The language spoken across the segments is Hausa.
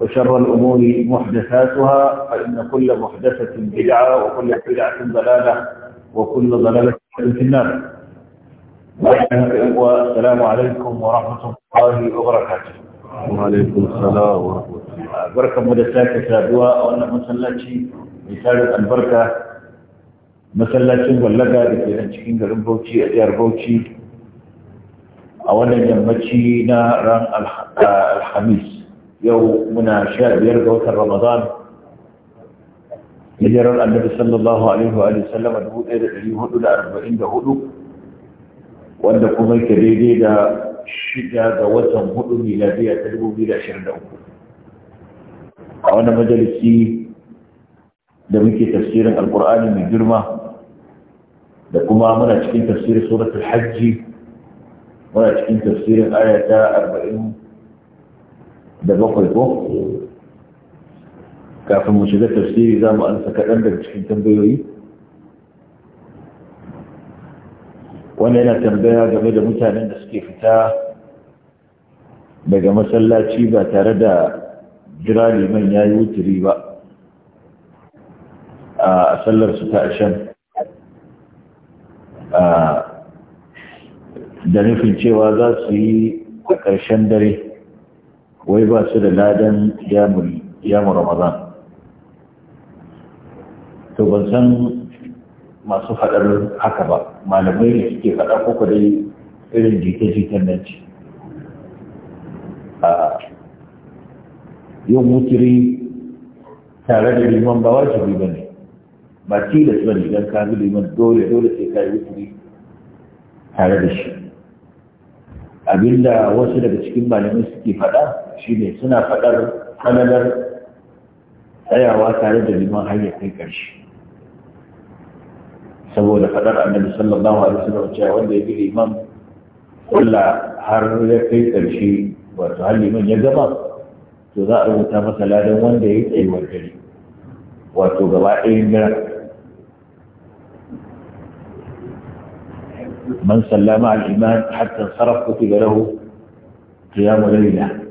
وشر الأمور محدثاتها فإن كل محدثة بدعة وكل بدعة ضلالة وكل ضلالة في النار والسلام عليكم ورحمة الله وبركاته وعليكم السلام ورحمة الله بركة مدساك سابوا وأن مسلاتي مثال البركة مسلاتي ولقى بكينا تشكين غرم بوتي أديار بوتي أولا يمتي نارا الحميس يو مناشاء بير بوتر رمضان يجرى النبي صلى الله عليه وآله وسلم أنه إذا إليه هدو لأربعين ده هدو وأنكو ملك ريدي ده شجا ده وزن هدو ميلادية تلبو ميلا شر ده أنا مجلسي ده ميكي تفسير القرآن من جرمة ده كما منا تفسير سورة الحج منا تفسير آية أربعين da bakwai ko kafin mu shiga tafsiri za mu ansa kaɗan daga cikin tambayoyi wanda yana tambaya game da mutanen da suke fita daga masallaci ba tare da jira liman ya yi wuturi ba a su ta ashen da nufin cewa za su yi a ƙarshen dare wai ba su da ladan yamu ramadan to ban san masu faɗar haka ba malamai da suke faɗa ko dai irin jita-jitan nan ce a yin wuturi tare da liman ba wajibi ba ne ba tilas ba ne don ka bi liman dole dole sai ka yi wuturi tare da shi abinda wasu daga cikin malamai suke faɗa shi ne suna faɗar kanalar tsayawa tare da liman hanyar kai ƙarshe saboda faɗar annabi sallallahu alaihi wasallam cewa wanda ya bi liman kulla har ya kai ƙarshe wato har liman ya gama to za a rubuta masa ladan wanda ya yi tsayuwar dare wato gaba ɗayan dare من سلم على الإيمان حتى انصرف كتب له قيام ليلة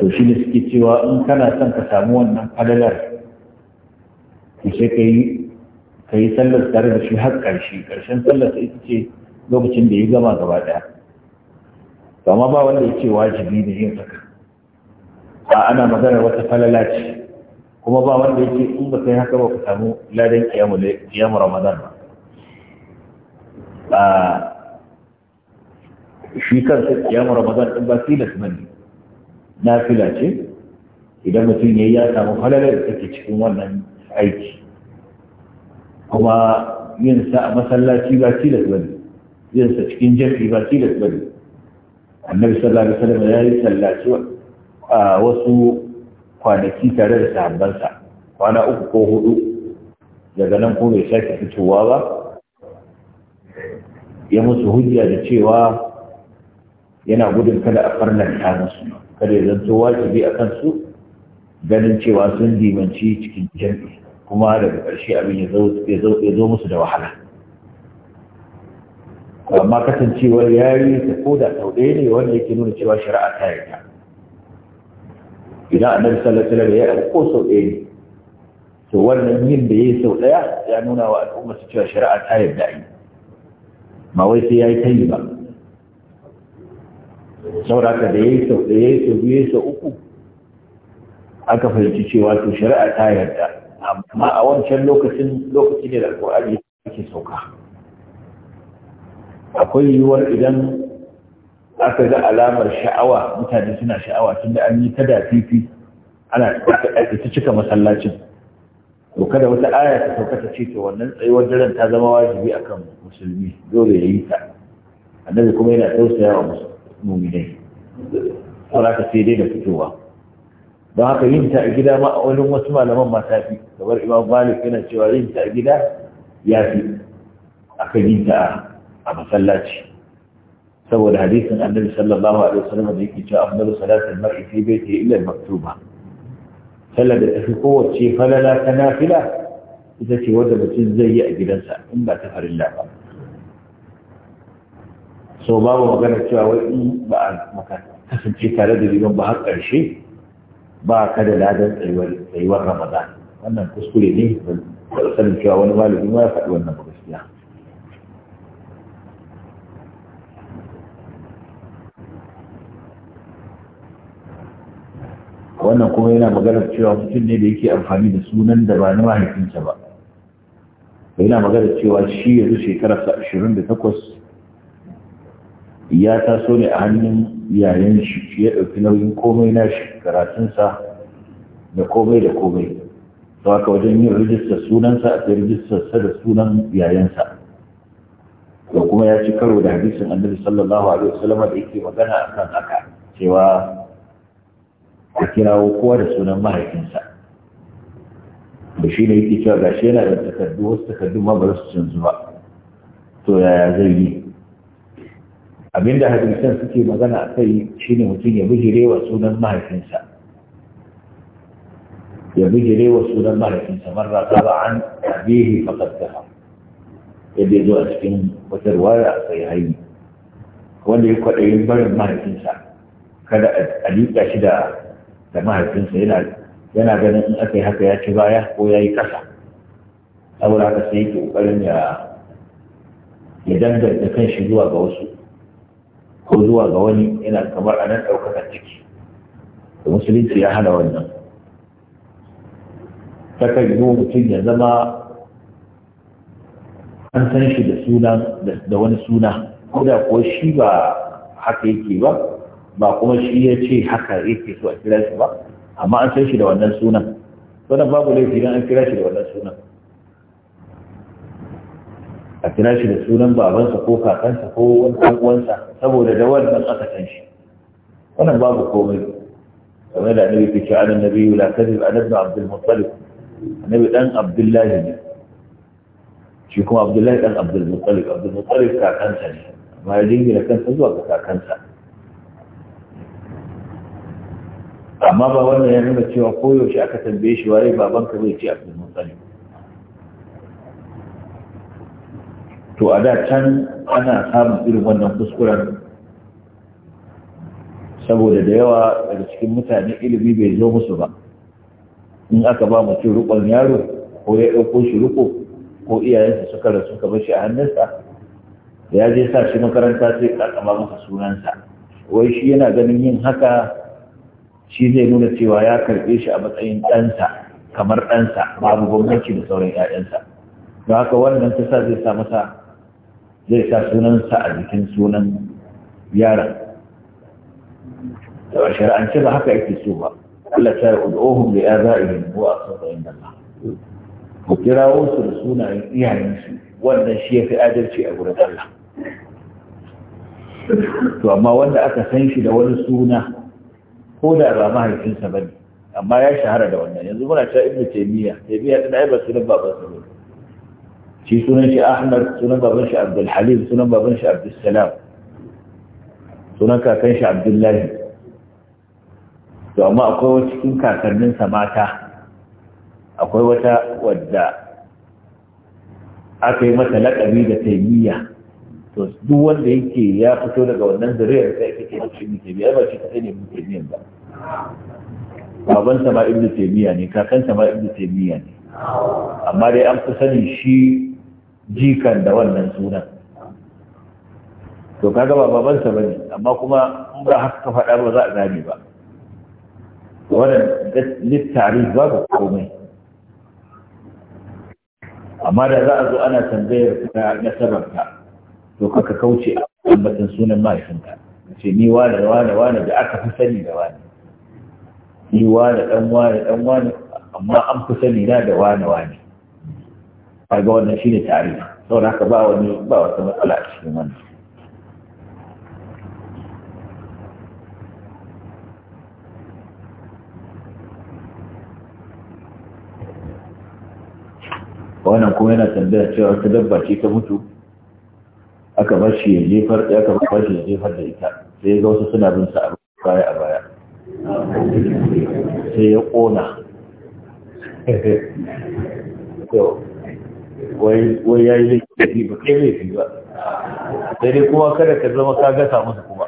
to shi ne suke cewa in kana son ka samu wannan falalar ku sai ka yi ka yi sallar tare da shi har ƙarshe ƙarshen sallar ta ita ce lokacin da ya gama gaba ɗaya amma ba wanda ya ce wajibi ne yin haka a ana magana wata falala ce kuma ba wanda ya ce in ba kai haka ba ku samu ladan kiyamu ramadan ba shi kansa kiyamu ramadan ɗin ba tilas ba ne nafila ce idan mutum ya yi ya samu halalar da take cikin wannan aiki kuma yin sa a masallaci ba tilas bane yin sa cikin jafi ba da bane annabi sallallahu alaihi wasallam ya yi sallaci a wasu kwanaki tare da sahabbansa kwana uku ko hudu daga nan ko bai sake fitowa ba ya musu hujja da cewa yana gudun kada a farnar ta musu kada ya zanto wajibi a kansu ganin cewa sun dimanci cikin jami'i kuma daga ƙarshe abin ya zo musu da wahala amma kasancewar yayi ta ko da sau ɗaya ne wanda yake nuna cewa shari'a ta yarda idan annabi sallallahu alaihi wasallam ya yi ko sau ɗaya ne to wannan yin da yayi sau ɗaya ya nuna wa al'umma cewa shari'a ta yarda yi Ma wai sai yayi ta yi ba saboda da yayi sau da sau biyu sau uku aka fahimci cewa to shari'a ta yarda amma a wancan lokacin lokaci ne da alƙur'ani sauka akwai yiwuwar idan aka ga alamar sha'awa mutane suna sha'awa tun da an yi ta dafifi ana ta cika masallacin to kada wata aya ta sauka ta ce to wannan tsayuwar daren ta zama wajibi akan musulmi dole ya yi ta annabi kuma yana tausaya wa musulmi muminai saboda ka sai dai da fitowa don haka yin ta a gida ma a wani wasu malaman ma ta fi kamar imam malik yana cewa yin ta a gida ya fi kan yin ta a masallaci saboda hadisin annabi sallallahu alaihi wasallam da yake cewa afdalu salatul mar'i fi baiti illa maktuba sallar da tafi kowace falala ta nafila ita ce wadda mutum zai yi a gidansa in ba ta farilla ba so babu magana cewa wai ba a maka kasance tare da liman ba har ƙarshe ba ka da ladan tsayuwar ramadan wannan kuskure ne ba sanin cewa wani malami ma ya faɗi wannan ba gaskiya wannan kuma yana maganar cewa mutum ne da yake amfani da sunan da ba na mahaifinsa ba yana maganar cewa shi yanzu shekararsa 28 ya taso ne a hannun yayin shi ya ɗauki nauyin komai na shi karatunsa da komai da komai to haka wajen yin rijistar sunansa a ta rijistarsa da sunan yayansa to kuma ya ci karo da hadisin annabi sallallahu alaihi wasallam da yake magana akan haka cewa a kirawo kowa da sunan mahaifinsa da shi ne yake cewa gashi yana da takardu wasu takardu ma ba su canzu ba to yaya zai yi abinda hadisan suke magana a kai shine mutum ya bijire wa sunan mahaifinsa ya bijire wa sunan mahaifinsa marra saba an abihi faqad kafa yadda zo a cikin wata ruwaya a sai hayi wanda ya yin barin mahaifinsa kada a liƙa shi da da mahaifinsa yana yana ganin in aka yi haka ya ci baya ko ya yi ƙasa saboda haka sai yake ƙoƙarin ya ya danganta kan shi zuwa ga wasu ko zuwa ga wani yana kamar a nan ɗaukakar ciki da musulunci ya hana wannan takan yi mutum ya zama an san shi da suna da wani suna ko da ko shi ba haka yake ba ba kuma shi ya ce haka yake so a kira shi ba amma an san shi da wannan sunan wannan babu laifi don an kira shi da wannan sunan a kira shi da sunan babansa ko kakansa ko wani uwansa saboda da wannan aka san shi wannan babu komai kamar da annabi ke cewa annabi la kadhib an ibn abdul muttalib annabi dan abdullahi ne shi kuma abdullahi dan abdul muttalib abdul muttalib kakansa ne amma ya jingina kansa zuwa ga kakansa amma ba wannan ya nuna cewa koyaushe aka tambaye shi waye babanka bai ce abdul muttalib to a da can ana samun irin wannan kuskuren saboda da yawa daga cikin mutane ilimi bai zo musu ba in aka ba mutum rukon yaro ko ya ɗauko shi ruko ko iyayensa suka rasu ka bashi shi a hannunsa ya je sa shi makaranta sai kakama masa sunansa wai shi yana ganin yin haka shi zai nuna cewa ya karɓe shi a matsayin ɗansa kamar ɗansa babu gwamnati da sauran ‘ya'yansa don haka wannan ta sa zai sa masa zai sa sunansa a jikin sunan yaron da shari'ance ba haka yake so ba Allah ta ya ohun za a yi abaihim a asra inda ba. ku kirawo su da sunayen iyayensu wannan shi ya fi adalci a gurin Allah to amma wanda aka san shi da wani suna ko da ba mahaifinsa bane amma ya shahara da wannan yanzu muna ta ibnu taymiya taymiya din ai ba sunan babansa ba. shi sunan shi ahmad sunan baban shi abdul sunan baban shi abdul sunan kakan shi abdullahi to amma akwai wata cikin kakanninsa mata akwai wata wadda aka yi mata laƙabi da taimiyya to duk wanda yake ya fito daga wannan zuriyar sai yake ce shi taimiyya ba shi kaɗai ne mu taimiyya ba baban sama ibnu taimiyya ne kakan sama ibnu taimiyya ne amma dai an fi sani shi jikan da wannan sunan to kaga ba babansa bane amma kuma in ba haka ka faɗa ba za a gane ba wannan littari ba ga komai amma da za a zo ana tambayar ka nasabarka to kaka kauce a ambatan sunan mahaifinka ce ni wane wane wane da aka fi sani da wane ni wane dan wane dan wane amma an fi sani na da wane wane kaga wannan shine tarihi saboda aka ba wani ba wata matsala a cikin wannan wannan kuma yana tambaya cewa ta dabba ce ta mutu aka bar shi ya jefar aka bar shi ya jefar da ita sai ga wasu suna bin sa a baya a baya sai ya kona wai ya yi laifi ba kai laifi ba sai dai kuma kada ka zama ka gasa masa kuma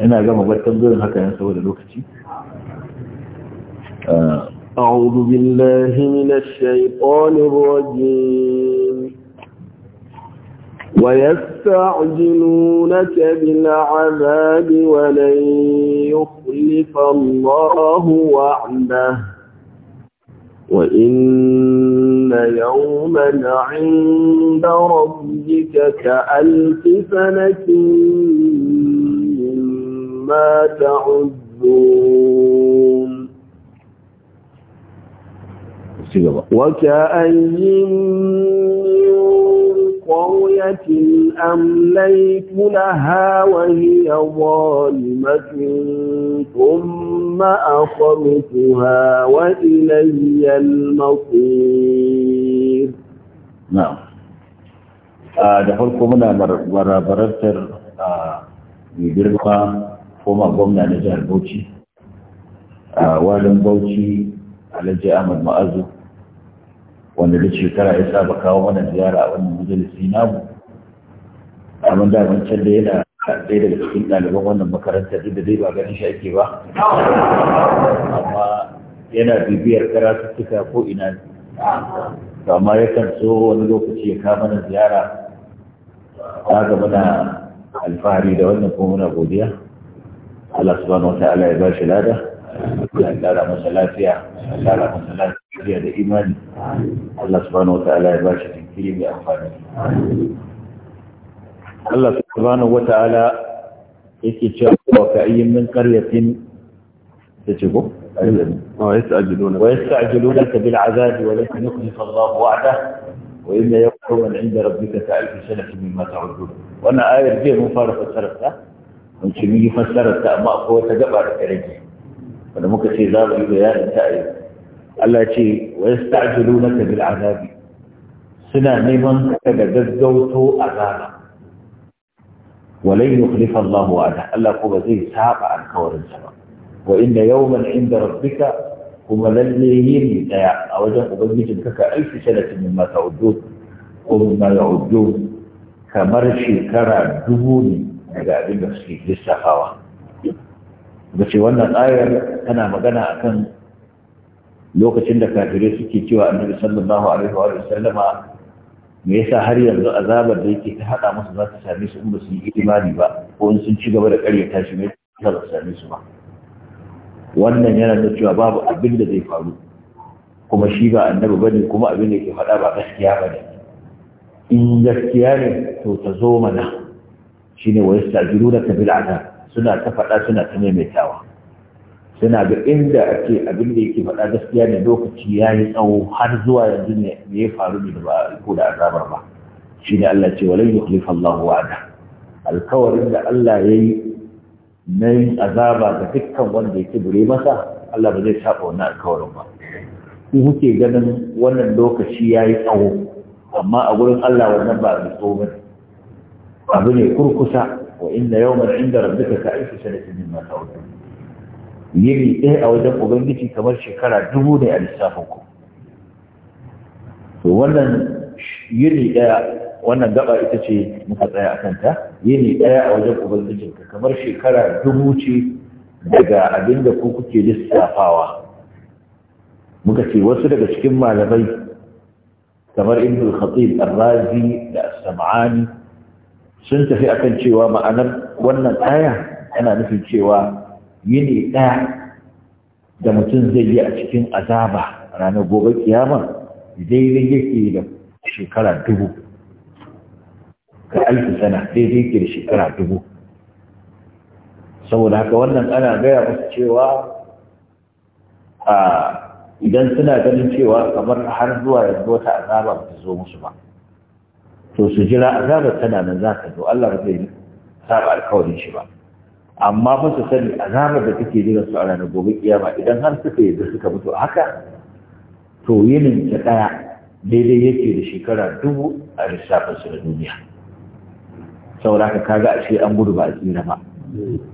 ina gama batun gurin haka yan saboda lokaci آه. أعوذ بالله من الشيطان الرجيم ويستعجلونك بالعذاب ولن يخلف الله وعده وإن يوما عند ربك كألف سنة مما تعدون cigaba. Wata ayin yin kwayatin amlai tuna hawani a wani matin tun ma'akwamitu hawa ilayyar makon. Na, ah, da farko muna barabarantar a ah, koma gwamna na jihar Bauchi. a ah, wadon bauchi alhaji ahmad ma'azu wanda da shekara ya saba kawo mana ziyara a wannan majalisi namu abin da wancan da yana da daga cikin ɗaliban wannan makaranta duk da dai ba ganin shi ake ba amma yana bibiyar karatuttuka ko ina to amma yakan so wani lokaci ya kawo mana ziyara ta ga muna alfahari da wannan kuma muna godiya Allah subhanahu wa ta'ala ya ba shi lada Allah ya kara masa lafiya Allah ya masa lafiya shirya da الله Allah subhanahu wata'ala ya ba shi jinkiri mai amfani Allah subhanahu wata'ala yake cewa wa ka'ayyin ويستعجلونك بالعذاب ولكن يخلف الله وعده وإن من عند ربك كألف سنة مما تعدون وأنا آية جيه مفارقة سرقتها وإن شميه فسرقتها ما أقوى تجبع لك رجيه وأنا ممكن في ذلك بيان تأيب Allah ce wa yasta'jilunaka bil azabi suna neman ka da gaggauto azaba ولن يخلف الله وعده الا كما زي ساق عن كورن السماء وإن يوما عند ربك كما لليين دايا أوجه أبنجد كك ألف سنة مما تعدون ومما يعدون كمرشي كرا دوني daga abin da suke lissafawa da ce wannan ayar tana magana akan lokacin da kafire suke cewa annabi sallallahu alaihi wa sallama me yasa har yanzu azabar da yake ta hada musu za ta same su in ba su yi imani ba ko in sun ci gaba da ta shi ne za ta same su ba wannan yana da cewa babu abin da zai faru kuma shi ba annabi bane kuma abin da yake faɗa ba gaskiya bane in gaskiya ne to ta zo mana shine wa ta bil azab suna ta faɗa suna ta maimaitawa suna ga inda ake abin da yake faɗa gaskiya ne lokaci ya yi tsawo har zuwa yanzu ne ya faru ne da ba a ko da azabar ba shi ne Allah ce walai yukhlif Allah wa'ada alkawarin da Allah ya yi na yin azaba ga dukkan wanda ya kibire masa Allah ba zai saba wannan alkawarin ba ku kuke ganin wannan lokaci ya yi tsawo amma a gurin Allah wannan ba a tsawo ba abu ne kurkusa wa yau yawman inda rabbika ka aisha sanatin min ma ta'udun yini ɗaya a wajen ubangiji kamar shekara dubu ne a lissafin ku to wannan yiri ɗaya wannan gaba ita ce muka tsaya a kanta yini ɗaya a wajen ka kamar shekara dubu ce daga abin da ku kuke lissafawa muka ce wasu daga cikin malamai kamar ibn al-khatib ar-razi da as-sam'ani sun tafi akan cewa ma'anar wannan aya yana nufin cewa yini ɗaya da mutum zai yi a cikin azaba ranar gobe kiyama daidai yake da shekara dubu ka alfi sana daidai yake da shekara dubu saboda haka wannan ana gaya musu cewa a idan suna ganin cewa kamar har zuwa yanzu wata azaba ba ta zo musu ba to su jira azabar tana nan za ta zo Allah ba zai saba alkawarin shi ba amma ba su sani azabar da take jira su a ranar gobe kiyama idan har suka yi da suka mutu haka to yinin ta daya daidai yake da shekara dubu a lissafin su na duniya saboda haka kaga a ce an gudu ba a tsira ba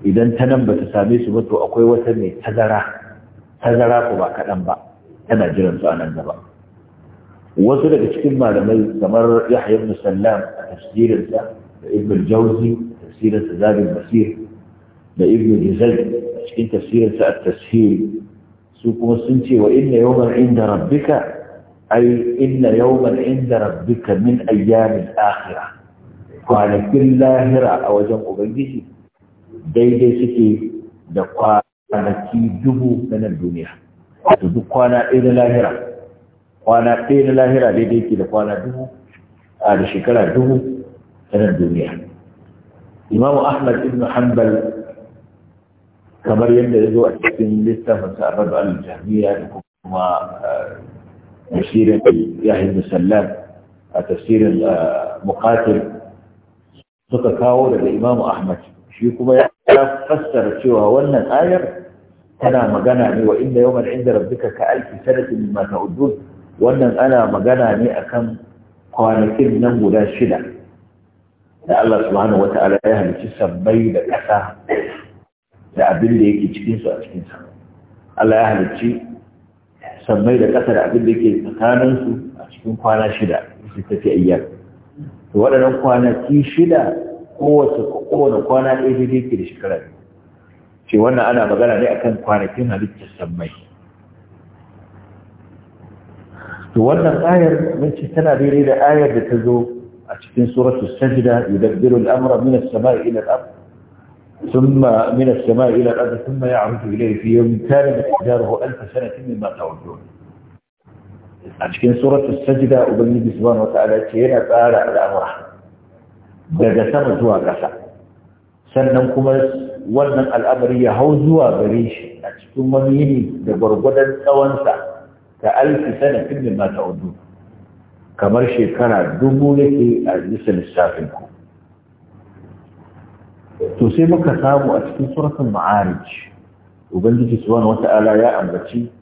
idan ta nan ba ta same su ba to akwai wata mai tazara tazara ko ba kaɗan ba tana jiran su a nan gaba wasu daga cikin malamai kamar yahya ibn sallam a tafsirinsa da ibn jauzi tafsirinsa zabin basir da ibn Hizal a cikin tafsirinsa a at su kuma sun ce wa inna yawman inda rabbika ay inna yawman inda rabbika min ayyamil akhira. kwanakin lahira a wajen ubangiji daidai suke da kwanaki dubu na nan duniya wato duk kwana ɗaya na lahira kwana ɗaya na lahira daidai ke da kwana dubu a da shekara dubu ta nan duniya imamu ahmad ibn hanbal kamar yadda ya zo a cikin littafin sa'arar da al-jami'a da kuma eh, tafsirin yahin musallam a tafsirin eh, muqatil suka kawo daga imamu ahmad shi kuma ya fassara cewa wannan ayar tana magana ne wa inda yawman inda rabbika ka alfi sanatin mimma ta'udun wannan ana magana ne akan kwanakin nan guda shida da Allah subhanahu wata'ala ya halicci sabbai da ƙasa da abin da yake cikinsu a cikinsa Allah ya halicci sammai da ƙasa da abin da yake tsakaninsu a cikin kwana shida su tafi ayyar to waɗannan kwanaki shida kowace kowane kwana ɗaya da yake da shekara ce wannan ana magana ne akan kwanakin halittar sammai to wannan ayar mun ce tana daidai da ayar da ta zo a cikin suratul sajda yudabbiru al-amra min as-sama'i ila al-ardh ثم من السماء إلى الأرض ثم يعرج إليه في يوم كان مقداره ألف سنة مما تعدون أشكين سورة السجدة أبني سبحانه وتعالى كينا تعالى الأمر daga sama zuwa ƙasa sannan kuma wannan al'amari ya hau zuwa gare shi a cikin wani yini da gwargwadon tsawonsa ta alfi sana filmin mata kamar shekara dubu yake a bisa lissafin ku to sai muka samu a cikin suratul ma'arij ubangiji subhanahu wata'ala ya ambaci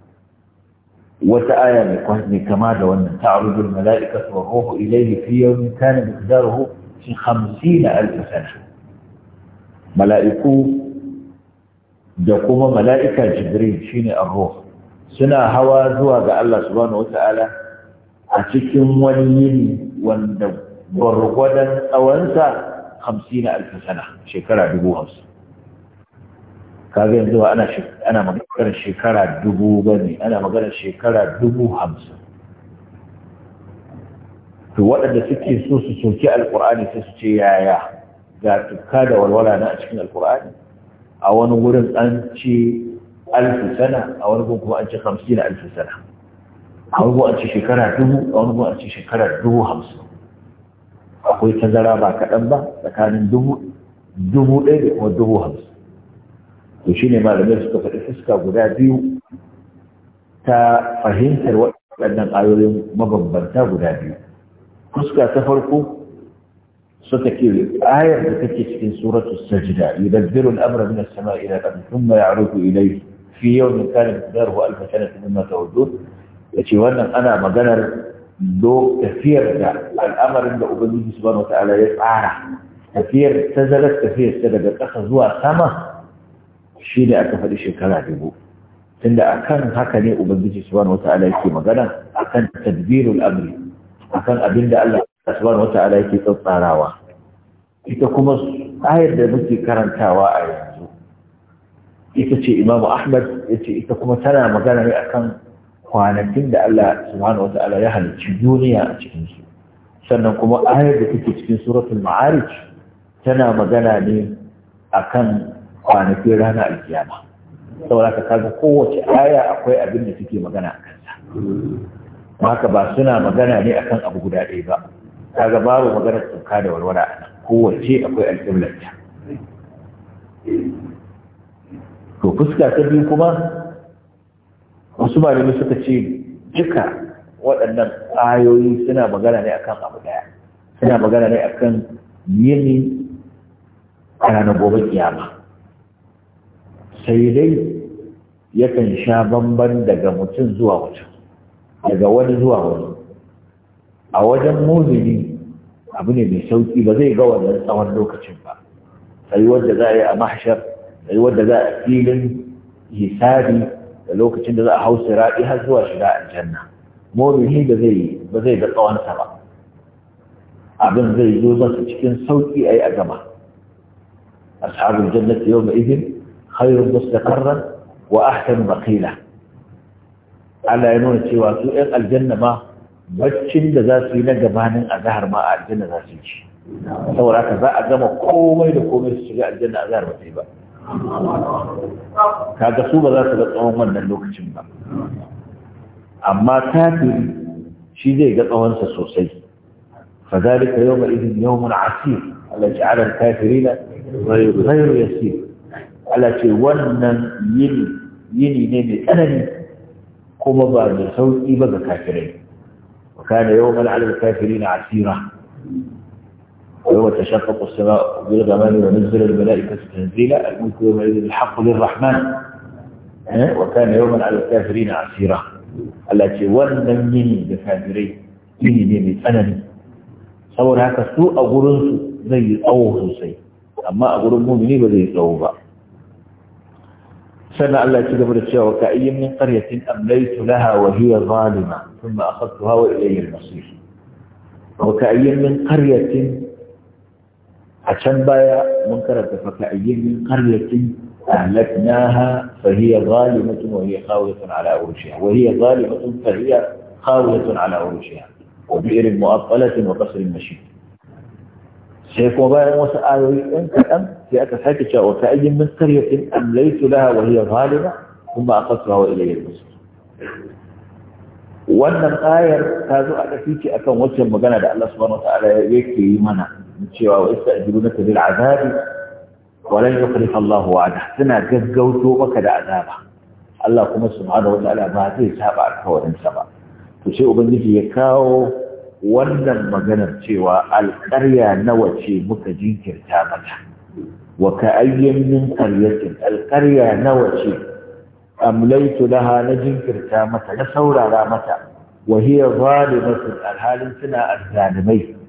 wata aya mai kama da wannan ta'arudul mala'ikatu wa ruhu ilayhi fi yawmin kana miqdaruhu 50 alf sana mala'iku da kuma mala'ika jibril shine ar-ruh suna hawa zuwa ga Allah subhanahu wata'ala a cikin wani yini wanda gwargwadon tsawonsa hamsin alf sana shekara dubu hamsin kaga yanzu ba ana ana maganar shekara dubu bane ana maganar shekara dubu hamsin to waɗanda suke so su soki alƙur'ani sai su ce yaya ga tukka da walwala na a cikin alƙur'ani a wani wurin an ce alfi sana a wani gun kuma an ce hamsin alfi sana a wani gun an ce shekara dubu a wani gun an ce shekara dubu hamsin akwai tazara ba kaɗan ba tsakanin dubu ɗaya da kuma dubu hamsin to shi ne malamai suka faɗi fuska guda biyu ta fahimtar waɗannan ayoyin mabambanta guda biyu fuska ta farko suka ke ayar da take cikin suratul sajda yudabbiru al-amra min as-sama'i ila al-ardi thumma ya'rudu ilayhi fi yawmin kana miqdaruhu alf sanah mimma ta'udun yace wannan ana maganar tafiyar da al'amarin da ubangiji subhanahu wata'ala ya tsara tafiyar tazarar tafiyar ta daga ƙasa zuwa sama shi da aka faɗi shekara dubu tunda akan haka ne ubangiji subhanahu wata'ala yake magana akan tadbirul amri akan abin da Allah subhanahu wata'ala yake tsarawa ita kuma ayar da muke karantawa a yanzu ita ce imamu ahmad yace ita kuma tana magana ne akan kwanakin da Allah subhanahu ta'ala ya halicci duniya a cikinsu sannan kuma ayar da take cikin suratul ma'arij tana magana ne akan kwanakin rana alkiyama saboda ka kaga kowace aya akwai abin da take magana a kansa haka ba suna magana ne akan abu guda ɗaya ba kaga babu magana tsoka da warwara a nan kowace akwai alƙiblarta to fuska ta biyu kuma wasu ba ne suka ce duka waɗannan ayoyi suna magana ne akan abu daya suna magana ne akan yini a gobe kiyama sai dai yakan sha bamban daga mutum zuwa mutum daga wani zuwa wani a wajen muzini abu ne mai sauki ba zai ga wannan tsawon lokacin ba sai wanda za a yi a mahashar sai wanda za a filin hisabi da lokacin da za a hau siraɗi har zuwa shiga aljanna morihi da zai ba zai da tsawonsa ba abin zai zo masa cikin sauƙi a yi a gama ashabul jannati yawma idhin khayrun mustaqarran wa ahsanu maqila Allah ya nuna cewa su yan aljanna ma baccin da za su yi na gabanin zahar ma a aljanna za su yi saboda za a gama komai da komai su shiga aljanna a ba sai ba kaga su ba za su ga tsawon wannan lokacin ba amma kafiri shi zai ga tsawonsa sosai fazalika yau ma izin yau mun asi ala ce ala kafiri na rairu ya ce ce wannan yini yini ne mai tsanani kuma ba mai sauƙi ba ga kafirai wa kana yau ala kafiri na asira وهو تشفق السماء بالغمام ونزل الملائكة تنزيلا الملك يومئذ الحق للرحمن وكان يوما على الكافرين عسيرا التي ونمني بفاجري إني من الأنم صور هكا سوء أغرن زي الأوه زي أما أغرن المؤمنين بذي الزوبة سنة الله تقبل الشيء وكأي من قرية أمليت لها وهي ظالمة ثم أخذتها وإلي المصير وكأي من قرية a can baya mun karanta faka'iyyin min أهلكناها فهي ظالمة وهي خاوية على عروشها وهي ظالمة فهي خاوية على عروشها وبئر مؤطلة وقصر مشيد شيخ وبايا موسى آيوي أنت أم في أكساك وكأي من قرية ليت لها وهي ظالمة ثم أخذتها وإلي المسلم wannan ayar ta zo a ƙafi ce akan الله magana da Allah subhanahu wa ta'ala yake yi mana cewa wa ista'jilunaka bil azabi wa lan yukhlifa Allahu wa'ada suna gaggauto maka da azaba Allah kuma subhanahu wa ta'ala ba zai saba alkawarin sa ba to sai ubangiji ya kawo wannan maganar cewa alƙarya nawa ce muka jinkirta mata wa ka ayyin min qaryatin nawa ce amlaitu laha na jinkirta mata na saurara mata wa hiya zalimatun alhalin suna azzalimai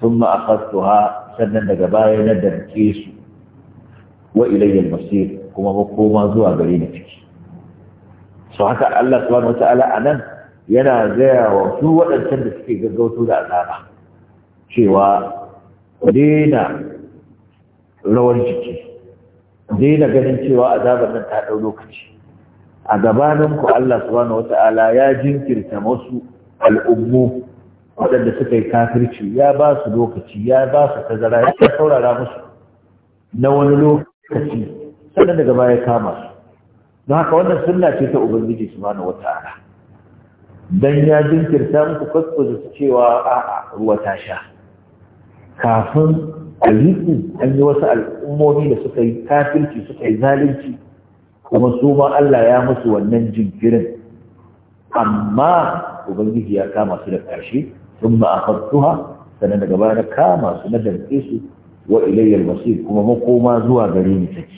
ثم أخذتها sannan daga baya na damke su wa masir kuma koma zuwa gare ni ciki so haka Allah subhanahu wataala anan yana gaya wa su waɗancan da suke gaggauto da azaba cewa daina rawar jiki daina ganin cewa azabar nan ta ɗau lokaci a gabaninku Allah subhanahu ta'ala ya jinkirta wasu al'ummu waɗanda suka yi kafirci ya ba su lokaci ya ba su tazara ya saurara musu na wani lokaci sannan daga baya kama su don haka wannan sunna ce ta ubangiji wata ara dan ya jinkirta muku da su cewa a'a ruwa ta sha kafin alifin an yi wasu al'ummomi da suka yi kafirci suka yi zalunci kuma su ma Allah ya musu wannan jinkirin amma ubangiji ya kama su da ƙarshe ثم أخذتها sannan daga baya na kama su na damƙe su wa ilayyar masir kuma makoma zuwa gare ni take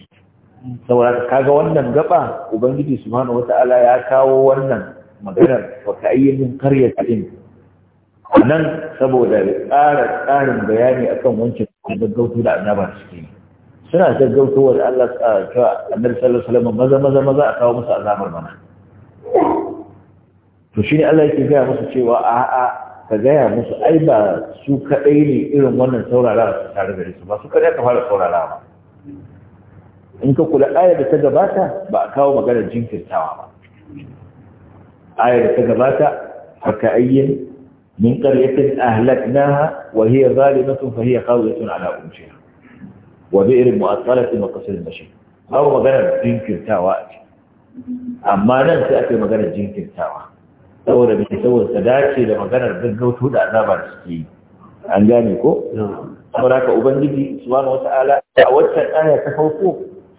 saboda ga wannan gaba ubangiji su subhanahu wata'ala ya kawo wannan maganar wata wa kayyin qaryatin nan saboda tsara tsarin bayani akan wancan gaggauto da annaba suke suna gaggautowar Allah ta annabi sallallahu alaihi wasallam maza maza maza a kawo musu azabar mana to shine Allah yake gaya musu cewa a'a ka gaya musu ai ba su kaɗai ne irin wannan saurara su tare da su ba su kaɗai ka fara saurara ba in ka kula ayar da ta gabata ba a kawo maganar jinkirtawa ba ayar da ta gabata haka ayyin min qaryatin ahlaknaha wa hiya zalimatun fa hiya qawiyatun ala umshiha wa bi'rin mu'attalatin wa qasrin mashid babu maganar jinkirtawa a ciki amma nan sai ake yi maganar jinkirtawa saboda mai saboda ta dace da maganar gaggautu da azaba da suke yi an gane ko saboda ka ubangiji subhanahu wata'ala a waccan aya ta farko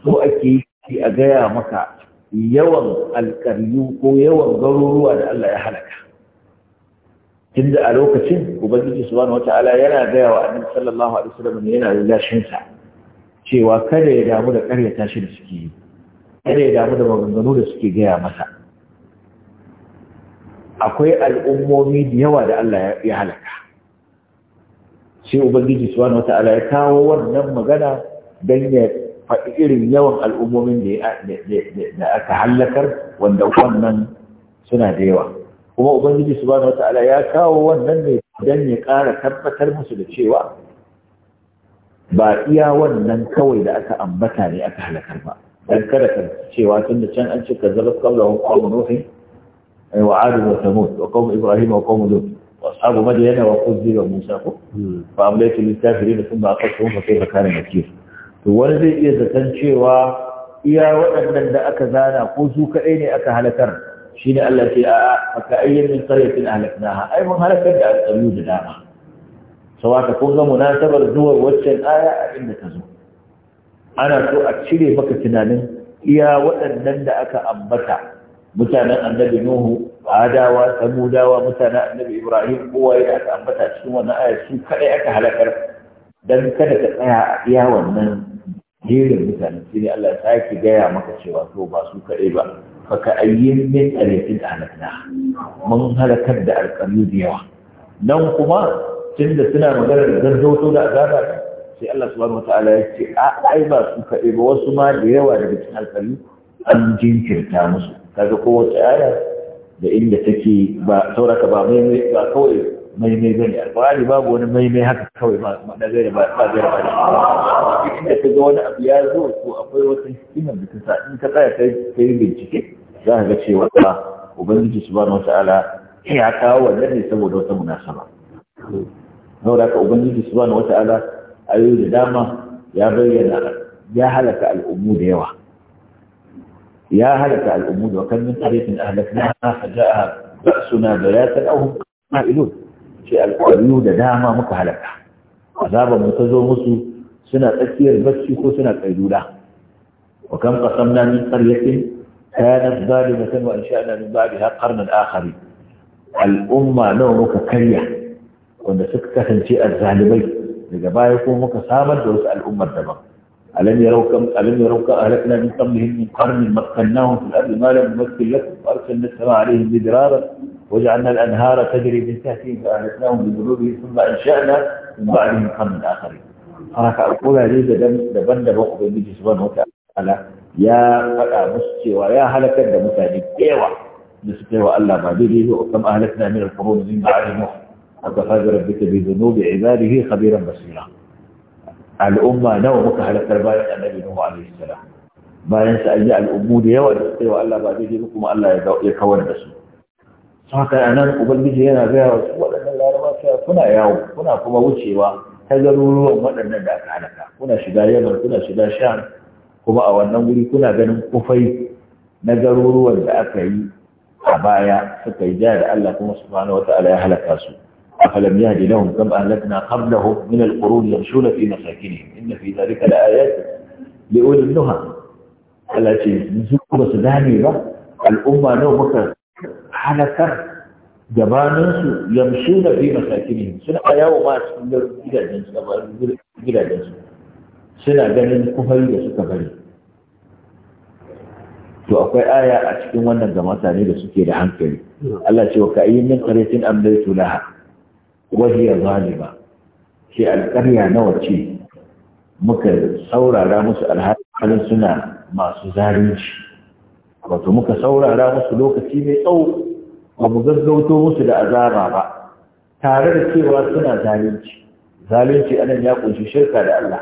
so ake yi a gaya maka yawan alƙaryu ko yawan garuruwa da Allah ya halaka da a lokacin ubangiji subhanahu wata'ala yana gaya wa annabi sallallahu alaihi wasallam yana lashin sa cewa kada ya damu da ƙaryata shi da suke yi kada ya damu da maganganu da suke gaya masa akwai al'ummomi da yawa da Allah ya halaka sai ubangiji subhanahu wata'ala ya kawo wannan magana don ya faɗi irin yawan al'ummomin da aka halakar wanda wannan suna da yawa kuma ubangiji subhanahu wata'ala ya kawo wannan ne don ya ƙara tabbatar musu da cewa ba iya wannan kawai da aka ambata ne aka halakar ba don kada ka cewa tun da can an ce ka zaba kawai da وعاد وثمود وقوم إبراهيم وقوم لوط وأصحاب مدين وخزي وموسى فأمليت للكافرين ثم أخذتهم فكيف كان نكير ولدي إذا تنشي و iya waɗannan da aka zana ko su kaɗai ne aka halakar shi ne Allah ce a aka ayyan min qaryatin ahlaknaha ai mun halakar da alƙalu da dama sawaka kun ga munasabar zuwar waccan aya a inda zo ana so a cire maka tunanin iya waɗannan da aka ambata mutanen annabi nuhu adawa samudawa mutanen annabi ibrahim kowa ya aka ambata cikin wannan aya su kadai aka halakar Don kada ka tsaya a iya wannan jerin mutane ne Allah ta sake gaya maka cewa to ba su kadai ba fa ka ayyin min alatin halakna mun halakar da alƙalu da yawa nan kuma tunda suna maganar garzauto da azaba sai Allah subhanahu wataala ya ce a ai ba su kadai ba wasu ma da yawa daga cikin alƙalu an jinkirta musu kaga kowace aya da inda take ba sauraka ba mai ba kawai mai mai bane alfahari babu wani mai mai haka kawai ba da gaira ba ba gaira ba inda kaga wani abu ya zo ko akwai wata hikima da ta sa in ka tsaya kai kai bincike za ka ga cewa ubangiji subhanahu wataala ya kawo wannan ne saboda wata munasaba saboda ka ubangiji subhanahu wataala ayoyi da dama ya bayyana ya halaka al'ummu da yawa ya halaka al’ummudu wa kanmin tarihin ahalakna aka ja a basuna da ya san ahun ma’ilu ce al’ayu da dama muka halaka azaban ta zo musu suna tsakiyar bacci ko suna ƙaidula wa kan ƙasam na min tsariyakin ta yi nan zari na sanwa insha na min zari har karnar akari al’umma nawa muka karya wanda suka kasance a zalibai daga baya ko muka samar da wasu al'ummar daban ألم يروا كم ألم يروا أهلكنا من قبلهم من قرن مكناهم في الأرض ما لم نمكن لكم وأرسلنا السماء عليهم مدرارا وجعلنا الأنهار تجري من تحتهم فأهلكناهم بذنوبهم ثم أنشأنا من بعدهم قرن آخرين. أنا أقول هذه دم دبن دبوق بيجي سبحانه وتعالى يا فتى مستي ويا هلك الدم ثاني كيوا إيوة. نسقي وألا ما بيجي وكم أهلكنا من القرون من بعدهم أتخذ ربك بذنوب عباده خبيرا بصيرا. al'umma nawa muka halakar bayan annabi Nuhu alaihi salam bayan sa ayi al'ummu da yawa da suka yi wa Allah ba daidai ba kuma Allah ya kawar da su haka nan ubangiji yana gaya wa waɗannan laraba kuna yawo kuna kuma wucewa ta garuruwan waɗannan da aka halaka kuna shiga yamar kuna shiga sham kuma a wannan wuri kuna ganin kufai na garuruwan da aka yi a baya suka yi da Allah kuma subhanahu wata'ala ya halaka su أفلم يهد لهم كما أهلكنا قبلهم من القرون يمشون في مساكنهم إن في ذلك لآيات لأولي النهى التي نزلوا سداني الأمة da suka bari to akwai aya a cikin wannan ga mutane da suke da hankali Allah ce wa ka min qaryatin amlaytu laha wahiya zalima ce alƙarya nawa ce muka saurara musu alhalin suna masu zalunci wato muka saurara musu lokaci mai tsawo ba mu gaggauto musu da azaba ba tare da cewa suna zalunci zalunci anan ya kunshi shirka da Allah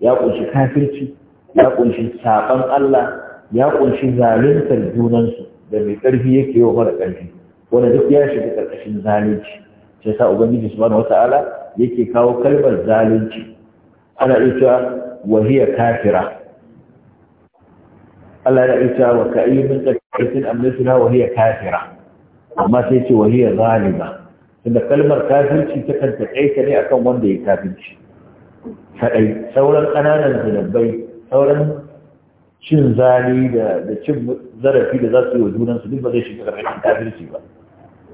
ya kunshi kafirci ya kunshi saban Allah ya kunshi zaluntar junansu da mai ƙarfi yake yi wa mara ƙarfi wanda duk ya shiga ƙarƙashin zalunci sai sa ubangiji subhanahu wata'ala yake kawo kalmar zalunci ana ita wahiya kafira Allah ya ita wa kayyimin tsakaitun amnatuna wahiya kafira amma sai ce wahiya zalima tunda kalmar kafirci ta kan taƙaita ne akan wanda ya kafirci kaɗai sauran ƙananan zunubai sauran cin zali da cin zarafi da za su yi wa junansu duk ba zai shiga ƙarƙashin kafirci ba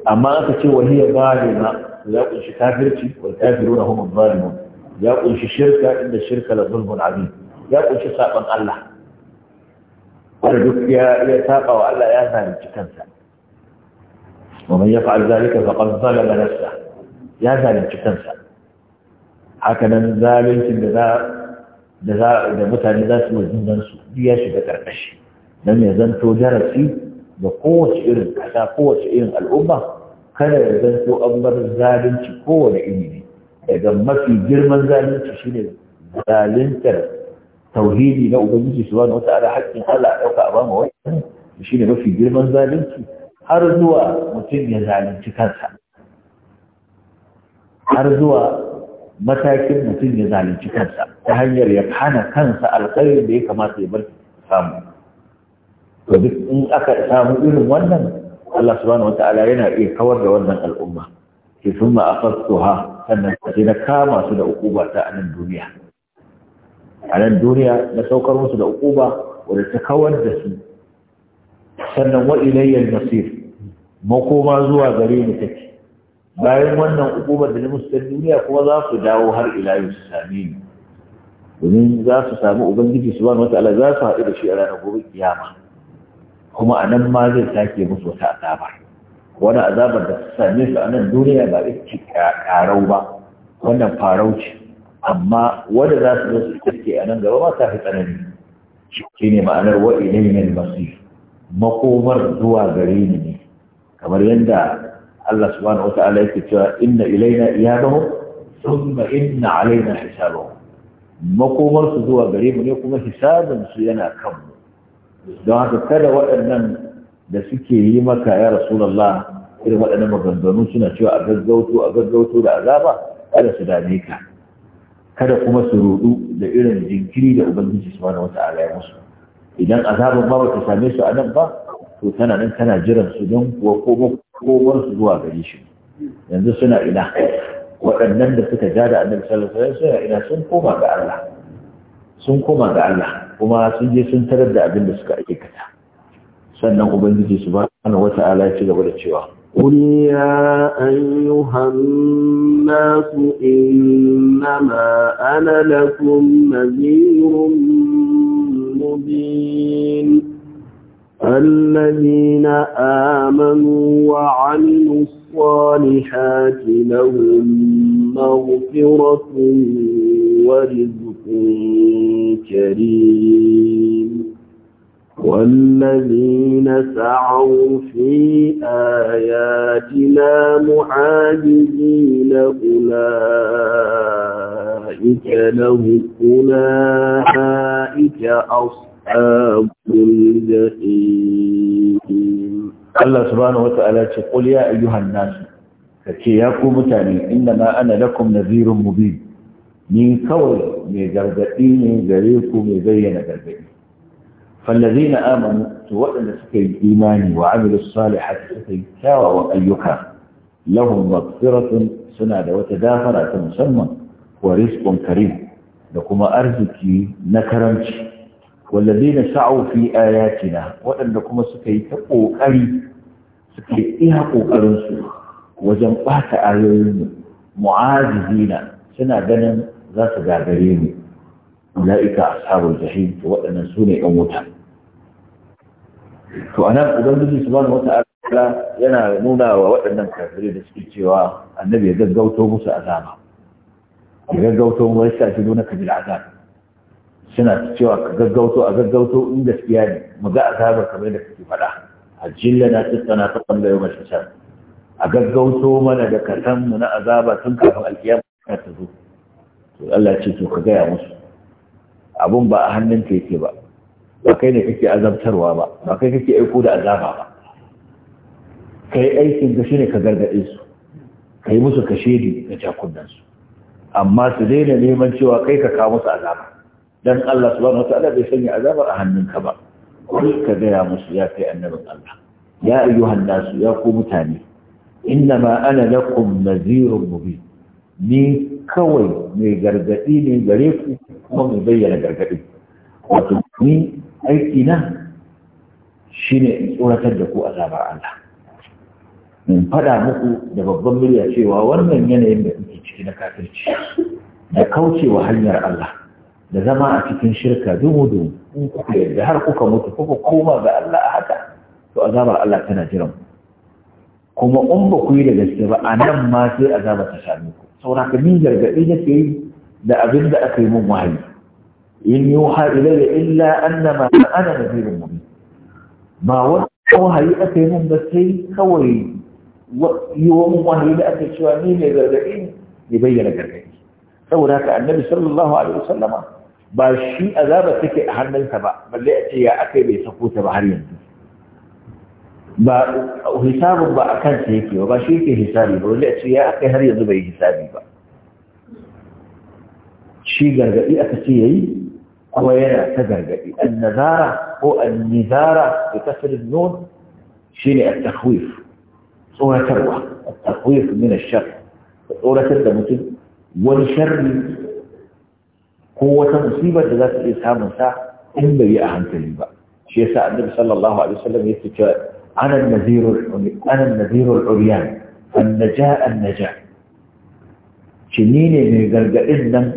amma aka ce wa hiya zalima ya kunshi kafirci wal kafiruna hum zalimun ya kunshi shirka inda shirka la zulmun azim ya kunshi saban Allah wanda duk ya ya saba wa Allah ya zalunci kansa wa man yaf'al zalika faqad zalama nafsa ya zalunci kansa haka nan zaluncin da za da za da mutane za su yi su ya shiga karkashi dan ya zanto darasi Da kowace irin kasa, kowace irin al'umma kada ya zanto an bar zalunci kowane iri ne daga mafi girman zalunci shine zaluntar tauhidi na ubangiji wata wataala haƙƙin Allah a ɗauka a ba ma wani shine mafi girman zalunci har zuwa mutum ya zalunci kansa har zuwa matakin mutum ya zalunci kansa ta hanyar ya hana kansa alkhairin da ya kamata ya bar samu to duk in aka samu irin wannan Allah subhanahu wataala yana iya kawar da wannan al'umma ke sun ma'afastuha sannan sai na kama su da ukuba ta a nan duniya a nan duniya na saukar musu da ukuba wadda ta kawar da su sannan wa ilayyar nasir makoma zuwa gare ni take bayan wannan ukubar da na musu ta duniya kuma za su dawo har ila su same ni domin za su sami ubangiji subhanahu wataala za su haɗu da shi a ranar gobe kiyama kuma a nan ma zai sake musu wata azaba wani azabar da same su a nan duniya ba ita karau ba wannan farau ce amma wanda za su zo su iske a nan gaba ba ta fi tsanani shi ne ma'anar wa ilayhi al makomar zuwa gare ni ne kamar yadda Allah subhanahu wata'ala yake cewa inna ilaina iyabahum thumma inna alaina hisabahum makomar su zuwa gare mu ne kuma hisabin su yana kan mu don haka kada waɗannan da suke yi maka ya rasulallah irin waɗannan maganganu suna cewa a gaggauto a gaggauto da azaba kada su dame ka kada kuma su rudu da irin jinkiri da ubangiji wata ala ya musu idan azabar ba ta same su a nan ba to tana nan tana jiran su don kuwa komar su zuwa gari shi yanzu suna ina waɗannan da suka ja da annabi sallallahu alaihi wasallam suna ina sun koma ga Allah sun koma ga Allah kuma sun je sun tarar da abin da suka aikata sannan ubangiji subhanahu wata ala ci gaba da cewa قل يا أيها الناس إنما أنا لكم نذير مبين الذين آمنوا وعملوا الصالحات لهم مغفرة ورزق كريم والذين سعوا في آياتنا معاجزين أولئك لهم أولئك أصحاب الجحيم الله سبحانه وتعالى يقول يا أيها الناس كي يا قوم إنما أنا لكم نذير مبين ni kawai mai gargaɗi ne gare ku mai zayyana gargaɗi fallazina amanu to waɗanda suka yi imani wa amilu salihati suka yi kyawawan ayyuka lahum maghfiratun suna da wata dafara ta musamman wa rizqun karim da kuma arziki na karamci na sa'u fi ayatina waɗanda kuma suka yi ta ƙoƙari suka yi iya ƙoƙarinsu. wajen ɓata ayoyin mu'azizina suna ganin za su gagare ni. ula'ika ashabul jahim to waɗannan su ne ɗan wuta to anan ubangiji wata wata'ala yana nuna wa waɗannan kafirai da suke cewa annabi ya gaggauto musu azaba ya gaggauto mu yasa shi dona kabil azab suna cewa ka gaggauto a gaggauto in gaskiya ne mu ga azabar kamar da kake faɗa A jilla na tsana ta kalla yau mashi a gaggauto mana da ka san mu na azaba tun kafin alkiyama ta zo to Allah ce to ka gaya musu abun ba a hannunka yake ba ba kai ne kake azabtarwa ba ba kai kake aiko da azaba ba kai aikin ka shine ka gargaɗe su kai musu ka shedi ka jakunan su amma su daina neman cewa kai ka kawo musu azaba dan Allah subhanahu wataala bai sanya azaba a hannunka ba kai ka gaya musu ya kai annabin Allah ya ayyuhan nasu ya ku mutane innama ana lakum nazirun mubin ni kawai mai gargaɗi ne gare ku kuma mai bayyana gargaɗi wato ni aiki na shine in tsoratar da ku a azabar Allah in faɗa muku da babban murya cewa wannan yanayin da kuke ciki na kafirci da kaucewa hanyar Allah da zama a cikin shirka dumudu in kuka yarda har kuka mutu kuka koma ga Allah a haka to azabar Allah tana jiran kuma in ba ku yi da gaske ba a nan ma sai azaba ta same ku saura ka ni gargaɗi yake yi da abin da aka yi mun wahayi in yuha da illa annama ana nadhirun mubin ba wani wahayi aka yi mun ba sai kawai yi wa mun wahayi da aka cewa ni mai gargaɗi ne bayyana gargaɗi saboda haka annabi sallallahu alaihi wasallama ba shi azaba take a hannunsa ba balle a ce ya aka bai sako ta ba har yanzu ba hisabun ba a kansa yake ba shi yake hisabi ba wanda ce ya aka har yanzu bai hisabi ba shi gargadi aka ce yayi kuma yana ta gargadi annazara ko annizara bi kasr an-nun shine at-takhwif tsoratarwa at-takhwif min ash-shar tsoratar da mutum wani sharri ko wata musibar da za ta iya samun sa in bai yi a hankali ba shi yasa annabi sallallahu alaihi wasallam yake cewa أنا النذير أنا النذير العريان النجاء النجاء شنيني من غرغئن نم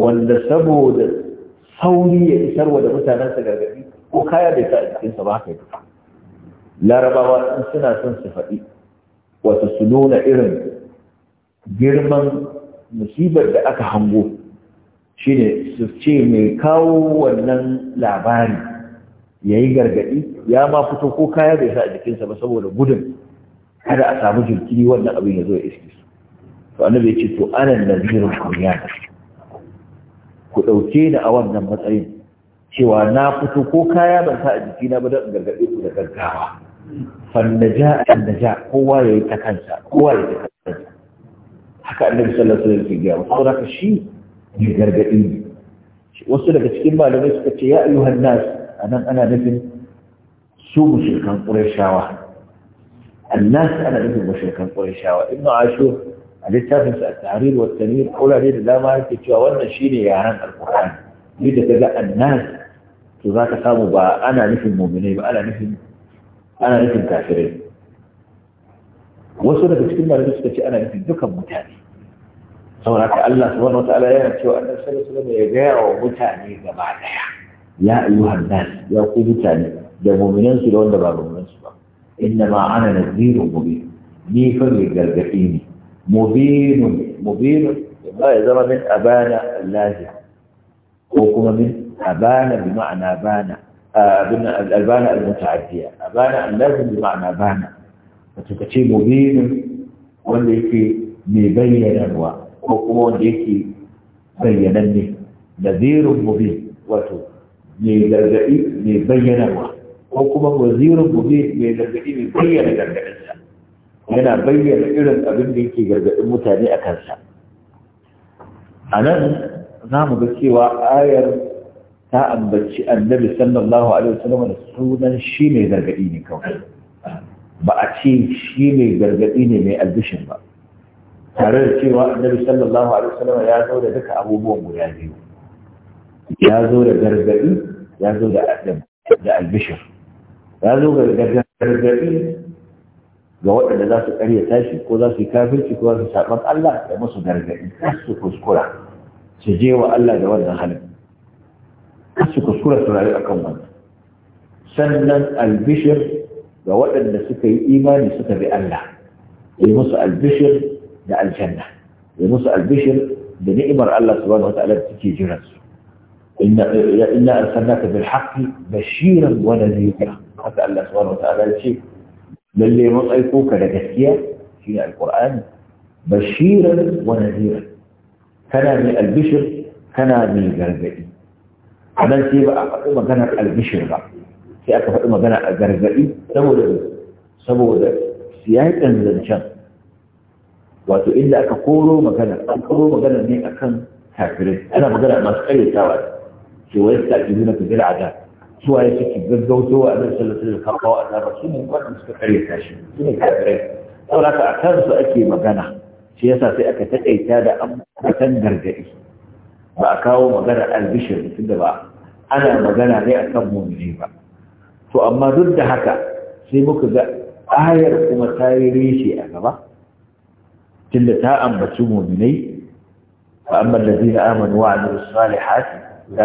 wanda saboda sauri ya wa da mutanensa gargaɗi ko kaya da ta a cikinsa ba haka yi larabawa in suna son su faɗi wata su nuna irin girman musibar da aka hango shine su ce mai kawo wannan labari ya yi gargaɗi ya ma fito ko kaya bai sa a jikinsa ba saboda gudun kada a samu jirgin wannan abin ya zo ya iske su to annabi ya ce to ana nazirin kuryana ku ɗauke ni a wannan matsayin cewa na fito ko kaya ban sa a jikina ba don gargaɗe ku da gaggawa fannaja annaja kowa ya yi ta kansa kowa ya yi ta kansa haka annabi sallallahu alaihi wasallam ya gaya wasu haka shi ne gargaɗi ne wasu daga cikin malamai suka ce ya ayyuhan nas أنا أنا anan ana nufin كان قريش qurayshawa الناس انا ليس كان قريش او ابن عاشور اللي تعرف التعريب والتنوير قول لي لا ما انت تشوا وانا شيء يا عن القران لي تجاء الناس تذا تقاموا با انا ليس المؤمنين انا ليس انا ليس الكافرين وصل بك كلمه ليس تشي انا ليس دوك متاني سورة الله سبحانه وتعالى يا تشوا ان الرسول صلى الله عليه وسلم متاني جماعه ya ayyuhan nas ya ku mutane da mu'minan su da wanda ba mu'minan su ba inna ma ana nadhirun mubin ni fa mai gargadi ne mubinun mubinun ba ya zama min abana lahiya ko kuma min abana bi ma'ana bana abin albana almutaaddiya abana allazim bi ma'ana bana wato kace mubinun wanda yake mai bayyanarwa ko kuma wanda yake bayyananne nadhirun mubin wato mai gargaɗi mai bayyanarwa ko kuma wazirin gobe mai gargaɗi mai bayyana gargaɗinsa yana bayyana irin abin da yake gargaɗin mutane a kansa a nan za mu ga cewa ayar ta ambaci annabi sallallahu alaihi wasallam da sunan shi mai gargaɗi ne kawai ba a ce shi mai gargaɗi ne mai albishin ba tare da cewa annabi sallallahu alaihi wasallam ya zo da duka abubuwan guda biyu ya zo da gargaɗi ya zo da albishir ya zo da gargaɗi ga waɗanda za su ƙarya tashi ko za su yi kafirci ko za su saɓar Allah da musu gargaɗi su kuskura su je wa Allah da wannan halin su kuskura su rayu kan wannan sannan albishir ga waɗanda suka yi imani suka bi Allah yi musu albishir da aljanna yi musu albishir da ni'imar Allah subhanahu wa ta'ala take jiransu إن إنا أرسلناك بالحق بشيرا ونذيرا حتى الله سبحانه وتعالى يشير للي مطعقوك لجسيا في القرآن بشيرا ونذيرا كان من البشر كان من الجرزائي أنا سيبا أقوم بنا البشر بقى sai aka faɗi magana a gargaɗi saboda saboda siyaƙin zancen wato inda aka koro magana an koro magana ne أنا kafirai ana magana masu ƙaryatawa ce wai suka ji nuna kabir a da su waye suke gaggauto wa annabi sallallahu alaihi wasallam kawo azaba su ne wannan suka kare tashi su ne kafirai saboda a kan su ake magana shi yasa sai aka taƙaita da ambatan gargaɗi ba a kawo magana albishir tunda ba ana magana ne akan mummuni ba to amma duk da haka sai muka ga ayar kuma ta yi reshe a gaba tunda ta ambaci muminai da amma allazina amanu wa amilus salihat ga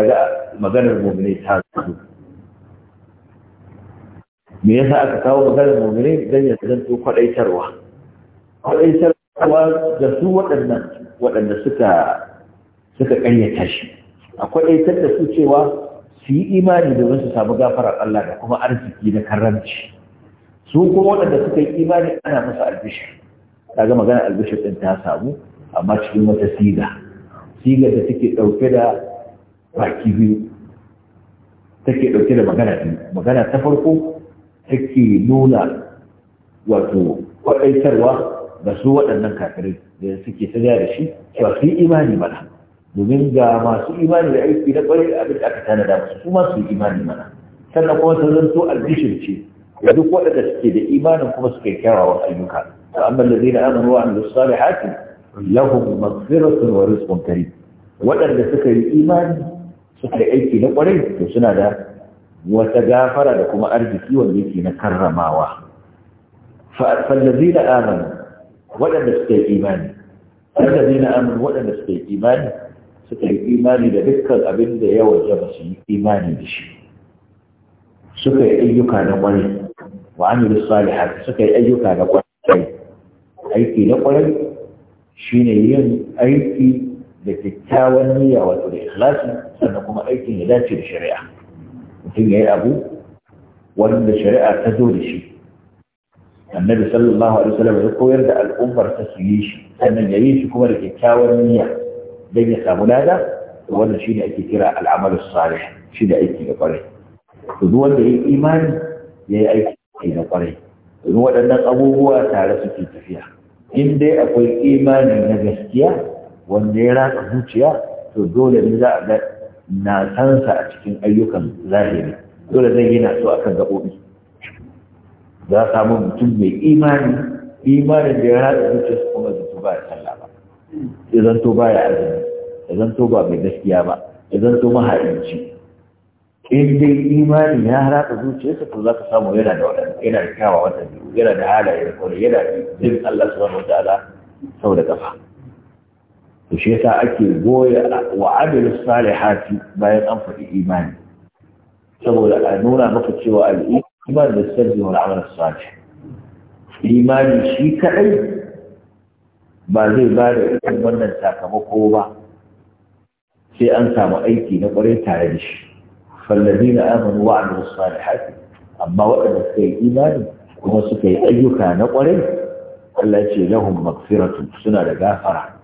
maganar mu'mini ta zo me yasa aka kawo maganar mu'mini dan ya zanto kwadaitarwa kwadaitarwa da su waɗannan waɗanda suka suka ƙaryata shi a kwadaitar da su cewa su yi imani domin su samu gafarar Allah da kuma arziki na karamci su kuma waɗanda suka yi imani ana musu albishir ga maganar albishir ɗin ta samu amma cikin wata siga sigar da take dauke da baki biyu take dauke da magana biyu magana ta farko take nuna wato kwaɗaitarwa ga su waɗannan kafirai da suke ta da shi cewa su yi imani mana domin ga masu imani da aiki na kwarai da abin da aka tanada musu su masu yi imani mana sannan kuma ta zanto albishir ce ga duk waɗanda suke da imanin kuma suke kyawawan ayyuka amma da zai na amurwa an da su haƙi. lahum maghfiratun wa rizqun karim suka yi imani suka yi aiki na to suna da wata gafara da kuma arziki wanda yake na karramawa fallazi na amanu waɗanda suka yi imani amanu suka yi imani suka yi imani da dukkan abin da ya waje su yi imani da shi suka yi ayyuka na ƙwarai wa amilu salihat suka yi ayyuka na ƙwarai aiki na ƙwarai shine yin aiki da kyakkyawan niyya wato da ikhlasi sannan kuma aikin ya dace da shari'a mutum ya yi abu wanda shari'a ta zo da shi annabi sallallahu alaihi wasallam ya koyar da al'ummar ta su yi shi sannan ya yi shi kuma da kyakkyawan niyya dan ya samu lada wannan shine ake kira al'amalu salih shi da aiki da kwarai to duk wanda ya yi imani ya yi aiki na kwarai Duk waɗannan abubuwa tare suke tafiya in dai akwai imani na gaskiya wanda ya raka zuciya to dole ne za a ga na sansa a cikin ayyukan zahiri dole zai yana so akan gaɓoɓi za a samu mutum mai imani imanin da ya ratsa zuciya su kuma zuci ba ya talla ba ya zanto ba ya azumi ya zanto ba mai gaskiya ba ya zanto mahaici in dai imani ya zuciya zuciyarsa to za ka samu yana da waɗanda yana da kyawa wata yana da halaye da kwarai yana da jin Allah subhanahu wataala sau da kafa to shi yasa ake goya wa amilu salihati bayan an faɗi imani saboda a nuna maka cewa al'umar da sirri wal amal salih imani shi kaɗai? ba zai ba da wannan sakamako ba sai an samu aiki na kwarai tare da shi فالذين آمنوا وعملوا الصالحات أما وأنا في إيمان kuma suka yi ayyuka na ƙwarai Allah ce lahum magfiratu suna da gafara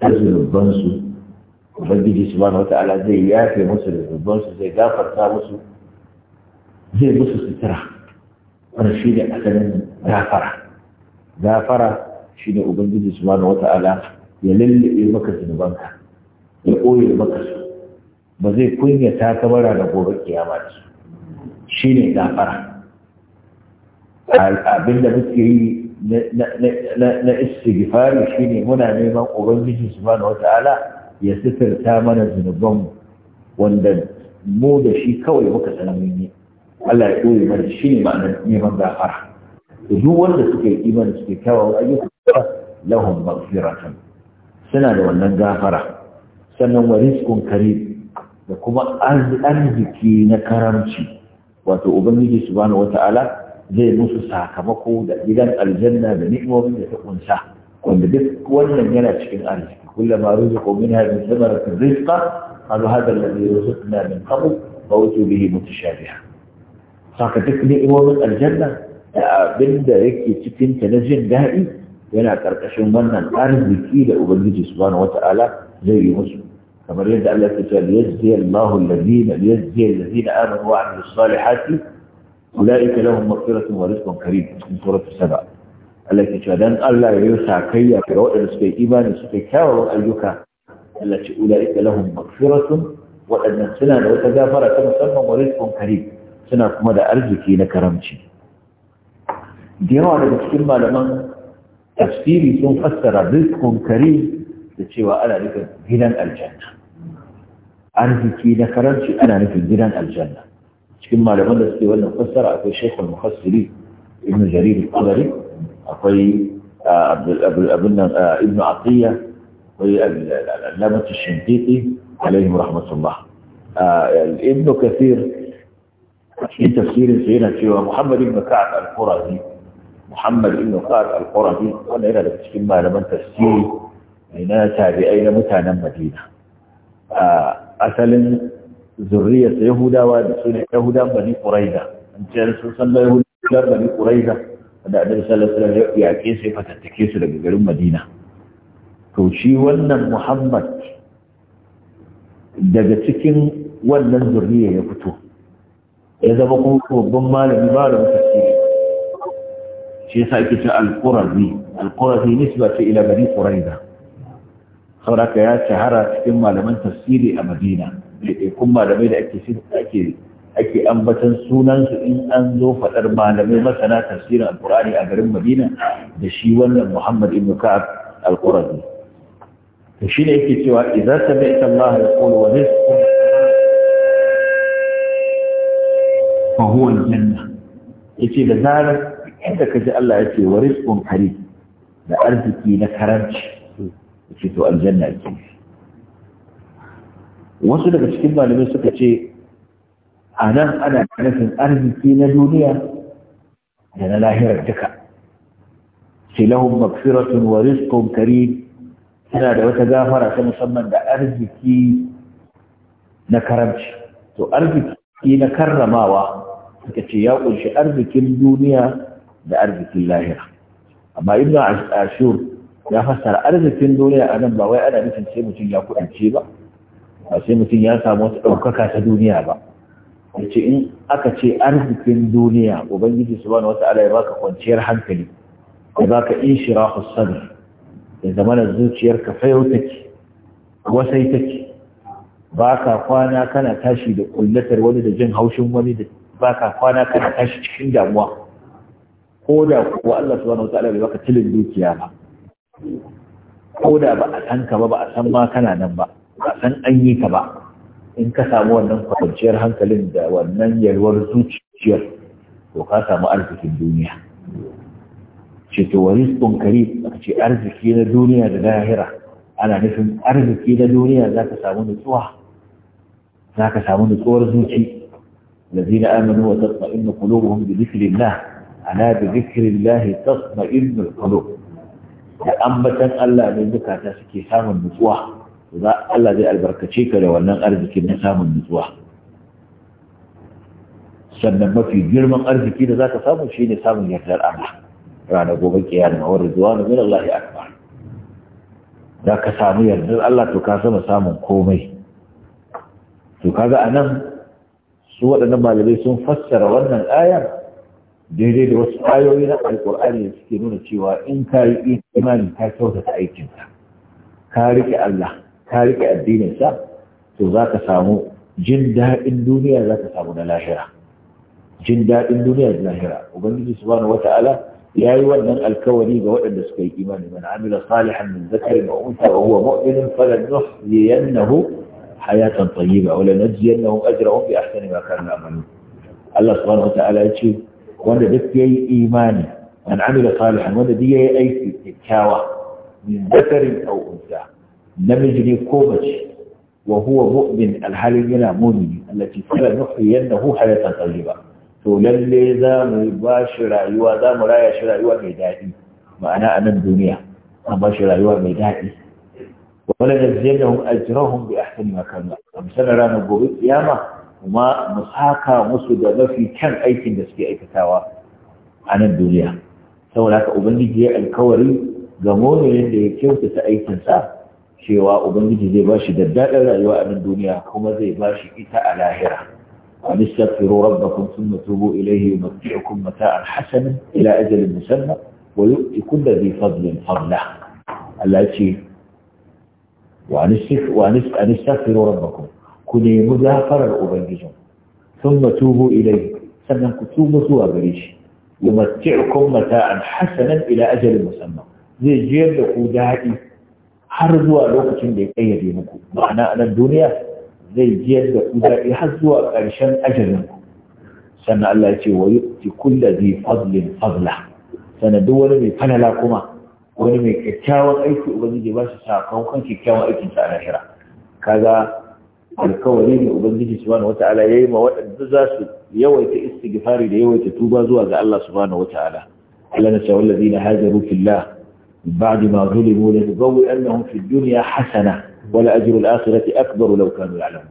ta zunubansu ubangiji subhanahu wata'ala zai yafe musu da zunubansu zai gafarta musu zai musu sutura wannan shi ne asalin gafara gafara shi ne ubangiji subhanahu ya lullube maka ya ɓoye maka su ba zai kunyata ta bara da gobe kiyama ce shi ne gafara abinda muke yi na istighfari shi ne muna neman ubangiji subhanahu wata'ala ya sitirta mana zunubanmu wanda mu da shi kawai muka sanamu ne Allah ya ɗore mana shi ne ma'anar neman gafara duk wanda suke imani suke kyawawan ayyuka lahum maghfiratan suna da wannan gafara sannan wa rizqun da kuma arziki na karamci wato ubangiji subhanahu wata'ala zai musu sakamako da gidan aljanna da ni'imomin da ta kunsa wanda duk wannan yana cikin arziki kullama ruzuqu minha min thamaratin rizqa qalu hadha alladhi ruzuqna min qabl fa utu bihi mutashabiha saka duk ni'imomin aljanna da abinda yake cikin ta na jin daɗi yana ƙarƙashin wannan arziki da ubangiji subhanahu wata'ala zai yi musu kamar yadda Allah ke cewa liyajzi Allahu allazina liyajzi allazina amanu wa amilus salihati ulaika lahum maghfiratun wa rizqun karim cikin suratul saba Allah ke cewa dan Allah ya yi sakayya ga waɗanda suka yi imani suka yi kyawawan ayyuka Allah ce ulaika lahum maghfiratun waɗannan suna da wata gafara ta musamman wa rizqun karim suna kuma da arziki na karamci da yawa daga cikin malaman tafsiri sun fassara rizqun karim da cewa ana nufin gidan aljanna arziki na karanci ana nufin gidan aljanna cikin malaman da suke wannan fassara akwai shekul muhassiri ibn jarir al-qadari akwai abin nan ibn atiyya akwai al-lamatu shintiti alaihim rahmatullah ibn kathir cikin tafsirin sa yana cewa muhammad ibn ka'ab al-qurazi muhammad ibn ka'ab al-qurazi wanda yana daga cikin malaman tafsiri na tabi'ai na mutanen madina asalin zurriyar yahudawa da su ne yahudan bani quraiza an ce sun san yahudan bani quraiza da annabi sallallahu ya yaƙe sai fatattake su daga garin madina to shi wannan muhammad daga cikin wannan zurriya ya fito ya zama kuma babban malami malamin tafsiri shi yasa ake cewa al-qurazi al-qurazi nisba ila bani quraiza sauraka ya shahara cikin malaman tafsiri a madina ɗaiɗaikun malamai da ake ake ambatan sunansu in an zo faɗar malamai masana tafsirin alkur'ani a garin madina da shi wannan muhammad ibn ka'ab alkurani to shi ne yake cewa idza sami'ta allah yaqulu wa rizqu fa Janna. Ya yace da zarar inda ji allah yace wa rizqun karim da arziki na karanci ce aljanna ke wasu daga cikin malamai suka ce a nan ana nufin arziki na duniya da na lahirar duka ce lahun wa rizqun karim suna da wata gafara ta musamman da arziki na karamci to arziki na karramawa suka ce ya kunshi arzikin duniya da arzikin lahira amma ibn ashur ya fassara arzikin duniya a nan ba wai ana nufin sai mutum ya kudance ba ba sai mutum ya samu wata ɗaukaka ta duniya ba yace in aka ce arzikin duniya ubangiji subhanahu wata'ala ya baka kwanciyar hankali ya baka inshirahu sadr ya zama da zuciyarka fayau take wasai take ka kwana kana tashi da kullatar wani da jin haushin wani da ba ka kwana kana tashi cikin damuwa ko da kuwa Allah subhanahu wata'ala bai baka tilin dukiya ba ko da ba a san ka ba ba a san ma kana nan ba ba a san an yi ka ba in ka samu wannan kwanciyar hankalin da wannan yalwar zuciyar to ka samu arzikin duniya ce to wa rizqun a ce arziki na duniya da lahira ana nufin arziki na duniya za ka samu nutsuwa za ka samu nutsuwar zuci الذين آمنوا وتطمئن قلوبهم بذكر الله ألا بذكر الله تطمئن القلوب da ambatan Allah ne zukata suke samun nutsuwa za Allah zai albarkace ka da wannan arzikin na samun nutsuwa sannan mafi girman arziki da zaka samu shine samun yardar Allah ranar gobe kiyama wa na min Allah akbar da ka samu yardar Allah to ka sama samun komai to kaga anan su waɗannan malamai sun fassara wannan ayar daidai da wasu ayoyi na alkur'ani da suke nuna cewa in ka yi imani ka kyautata aikinka ka rike Allah ka rike addininsa to za ka samu jin daɗin duniya za ka samu na lahira jin daɗin duniya da lahira ubangiji subhanahu wata'ala ya yi wannan alkawari ga waɗanda suka yi imani man amila salihan min zakarin wa unta wa huwa mu'minun falan nuhyiyannahu hayatan tayyiba wa lanajziyannahum ajrahum bi ahsani ma kanu Allah subhanahu wata'ala ya ce wanda duk ya yi imani an amila salihan wanda duk ya yi aiki kyakkyawa min zakarin aw unsa namiji ne ko mace wa huwa mu'min alhalin yana mu'mini allati sala nuhyiyannahu hayatan tayyiba to lalle za mu ba shi rayuwa za mu raya shi rayuwa mai daɗi ma'ana a nan duniya an ba shi rayuwa mai daɗi wala najziyannahum ajrahum bi ahsani ma kanu amsana ranar gobe kiyama kuma mu saka musu da mafi kyan aikin da suke aikatawa a nan duniya saboda haka ubangiji ya alkawari ga mominin da ya kyautata aikinsa cewa ubangiji zai ba shi daddaɗin rayuwa a nan duniya kuma zai ba shi ita a lahira wani stafiru rabbakun sun matubu ilaihi mafi'ukun mata'an hasanin ila ajalin musamman wa yi kulla zai fadlin fadla Allah ce wa ni stafiru rabbakun ku nemi gafarar ubangijin sun matubu ilai sannan ku tuba zuwa gare shi ya matti'ukum an hasanan ila ajalin musamman zai jiyar da ku daɗi har zuwa lokacin da ya kayyade muku ma'ana a nan duniya zai jiyar da ku daɗi har zuwa ƙarshen ajalin ku sannan Allah ya ce wa yu'ti kulli dhi fadlin fadla sannan duk wani mai fanala kuma wani mai kyakkyawan aiki ubangiji ba shi sakamakon kyakkyawan aikinsa a lahira kaga alkawari ne ubangiji subhanahu wataala yayi ma waɗanda za su yawaita istighfari da yawaita tuba zuwa ga Allah subhanahu wataala Allah na cewa alladhina hajaru fillah ba'd ma zulimu la yubawi annahum fid dunya hasana wa la ajru al-akhirati akbar law kanu ya'lamun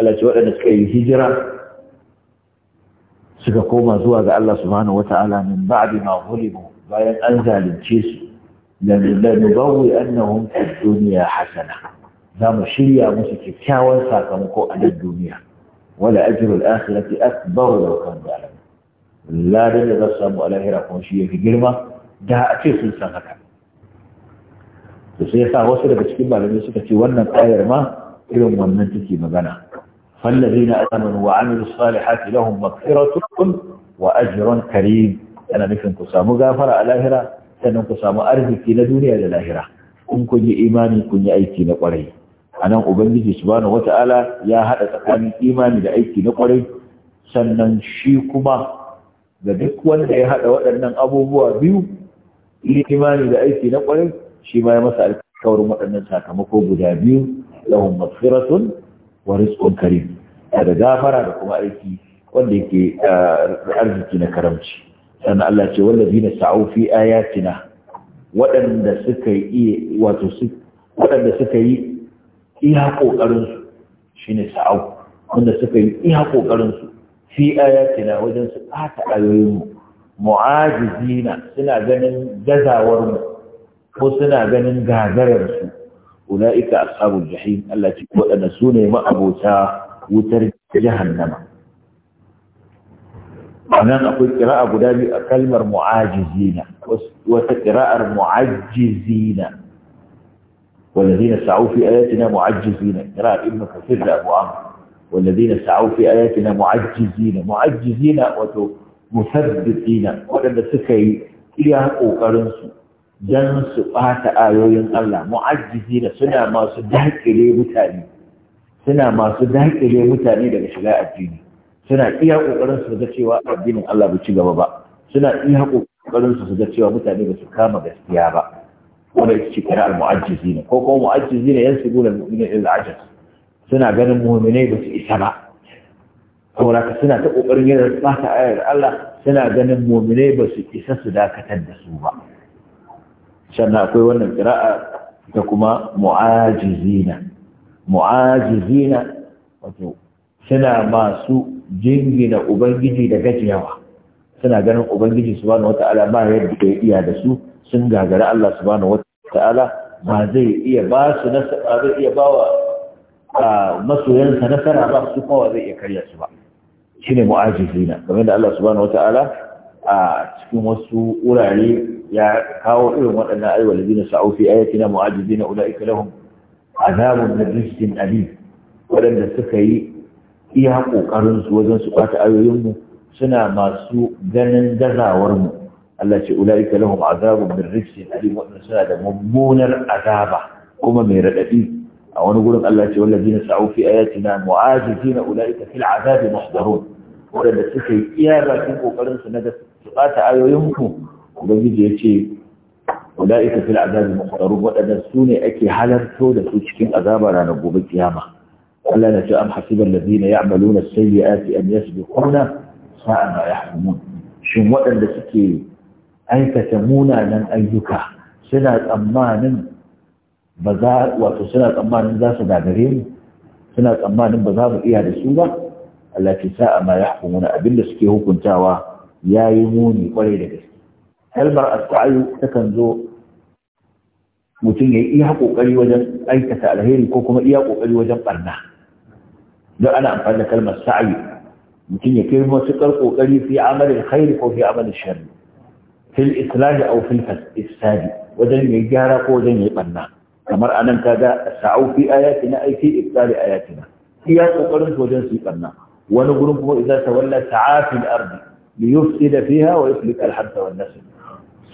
Allah ce waɗanda suka yi hijira suka koma zuwa ga Allah subhanahu wataala min ba'd ma zulimu bayan an zalunce su لنبوئنهم في الدنيا حسنه za mu shirya musu kyakkyawan sakamako a nan duniya wala ajiru al'akhirati akbar wa kan zalim ladan da za su samu alahira kuma shi yake girma da a ce sun san haka to sai yasa wasu daga cikin malamai suka ce wannan ayar ma irin wannan take magana fallazina amanu wa amilu salihati lahum maghfiratun wa ajrun karim yana nufin ku samu gafara a lahira sannan ku samu arziki na duniya da lahira in kun yi imani kun yi aiki na kwarai a nan ubangiji subhanahu wata'ala ya haɗa tsakanin imani da aiki na kwarai sannan shi kuma ga duk wanda ya haɗa waɗannan abubuwa biyu imani da aiki na kwarai shi ma ya masa alkawarin waɗannan sakamako guda biyu lahum maghfiratun wa rizqun karim da gafara da kuma aiki wanda yake arziki na karamci sannan Allah ce wallazina sa'u fi ayatina waɗanda suka waɗanda suka yi iya ƙoƙarinsu shi ne sa'au wanda suka yi iya ƙoƙarinsu fi ayatina wajen su ɓata ayoyinmu mu'ajizina suna ganin gazawarmu ko suna ganin gagararsu ula'ika ashabul jahim Allah ce waɗanda su ne ma'abota wutar jahannama nan akwai ƙira'a guda biyu a kalmar mu'ajizina wata ƙira'ar mu'ajizina والذين سعوا في آياتنا معجزين قراءة ابن كثير لأبو عمرو والذين سعوا في آياتنا معجزين معجزين وتو مثبتين سكي إياه قرنسو dan su ɓata ayoyin Allah mu'ajjizi da suna masu daƙile suna masu daƙile mutane daga shiga addini suna iya ƙoƙarin su cewa addinin Allah bai ci gaba ba suna iya ƙoƙarin cewa mutane basu kama gaskiya ba wanda ya ce kira al-mu'ajjizi ne ko kuma mu'ajjizi ne yansu gudun mu'minin il-ajaz suna ganin mu'minai ba su isa ba saboda ka suna ta kokarin yin ba ta ayar Allah suna ganin mu'minai ba su isa su dakatar da su ba sannan akwai wannan kira'a ta kuma mu'ajizina mu'ajizina wato suna masu jingina ubangiji da gajiyawa suna ganin ubangiji subhanahu wata'ala ba yadda ya iya da su sun gagara Allah subhanahu ta'ala ba zai iya ba su nasara zai iya ba wa masoyansa nasara ba su kuma zai iya karya su ba shi ne mu'ajizina game da Allah subhanahu wa ta'ala a cikin wasu wurare ya kawo irin waɗannan aiwa su aufi fi na mu'ajizina ula'ika lahum azabun na rijistin ali waɗanda suka yi iya su wajen su ɓata ayoyinmu suna masu ganin gazawarmu Allah ce ulaika lahum azabun min rijsin alim wannan suna da mummunar azaba kuma mai radadi a wani gurin Allah ce wallazina sa'u fi ayatina mu'azifina ulaika fil azabi muhdarun wanda suka yi iya bakin kokarin su na da su bata ayoyin ku ubangiji ya ce ulaika fil azabi muhdarun wadanda su ne ake halarto da su cikin azaba ranar gobe kiyama Allah na ce am hasiban ladina ya'maluna as-sayyi'ati an yasbiquna sa'a ma yahkumun shin waɗanda suke aikata munanan ayyuka suna tsammanin ba za wato suna tsammanin za su gagare mu suna tsammanin ba za mu iya da su ba Allah ke sa amma ya abin da suke hukuntawa ya yi muni kwarai da gaske kalmar asta'ayu takan zo mutum ya yi iya kokari wajen aikata alheri ko kuma iya kokari wajen barna don ana amfani da kalmar sa'ayi mutum ya kai matuƙar kokari fi amalin khairi ko fi amalin sharri fil islami aw fil ifsadi wajen yayi gyara ko wajen yayi banna kamar anan kaga sa'u fi ayatina ay fi ifsadi ayatina iya kokarin wajen su yi banna wani gurin kuma idza tawalla sa'a fil ardi li yufsida fiha wa yuhlika al harth wan nasl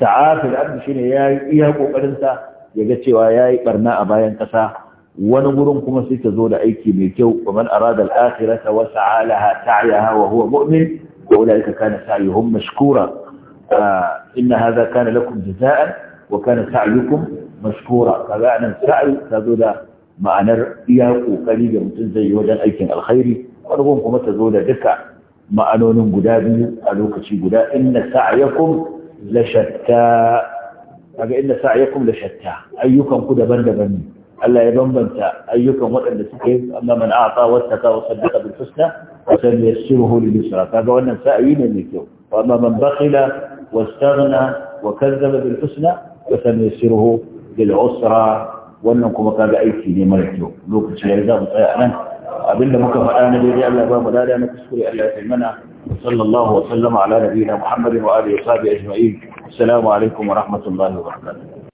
sa'a fil ardi shine yayi iya kokarin sa yaga cewa yayi barna a bayan kasa wani gurin kuma sai ta zo da aiki mai kyau wa man arada al-akhirata wa sa'a laha sa'yaha wa huwa mu'min wa ulaika kana sa'yuhum mashkura inna hadha kana lakum jaza'an wa kana sa'yukum mashkura kaga anan sa'i ta zo da ma'anar iya kokari da mutum zai yi wajen aikin alkhairi farkon kuma ta zo da duka ma'anonin guda biyu a lokaci guda inna sa'yakum la shatta kaga ayyukan ku daban-daban ne ya bambanta ayyukan waɗanda suka yi amma man a'ata wattaka wa saddaqa bil husna wa san yasiruhu lil yusra kaga wannan sa'yi ne mai kyau wa amma man bakhila واستغنى وكذب بالحسنى فسنيسره للعسرى wannan kuma kaga aiki ne mara kyau lokaci ya za mu tsaya a nan abinda muka faɗa na daidai Allah ba mu lada na kuskure Allah ya mana sallallahu wa sallama ala nabiyina Muhammadin wa alihi wa sahbihi ajma'in assalamu alaikum wa rahmatullahi wa barakatuh